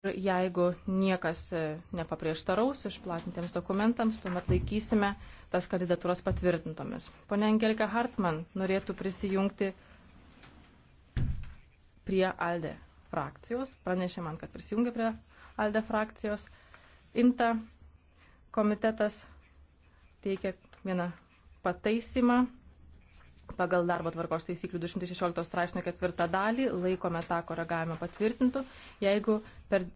Ir jeigu niekas e, nepaprieštaraus išplatintiems dokumentams, tuomet laikysime tas kandidatūras patvirtintomis. Pone Angelika Hartman norėtų prisijungti prie ALDE frakcijos. Pranešė man, kad prisijungia prie ALDE frakcijos. INTA komitetas teikia vieną pataisimą Pagal darbo tvarkos taisyklių 216 straipsnio ketvirtą dalį laikome tą koregavimą patvirtintų, jeigu per